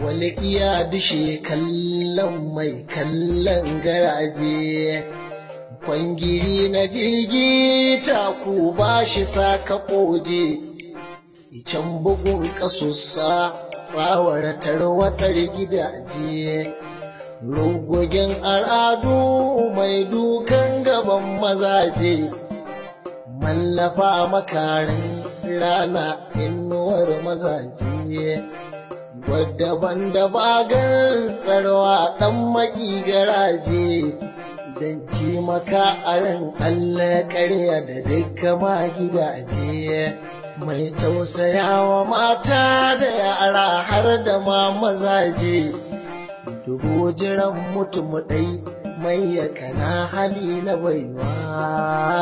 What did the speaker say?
wani iya dushe kallon mai kallon garaje kwangiri na jirgi taku ba shi saka koje icen bugun ƙasussa tsawar tarwatsar gidaje rugugin al'adu mai dukan gaban mazaje mallafa makarin rana inuwar mazaje wadda ban bagan tsarwa ɗan maƙi garaje don kimaka a ran Allah ƙarya da dukka ma gidaje mai tausaya wa mata da yara har da ma mazaje dubu jiran mutum ɗai mai yakana hali na baiwa.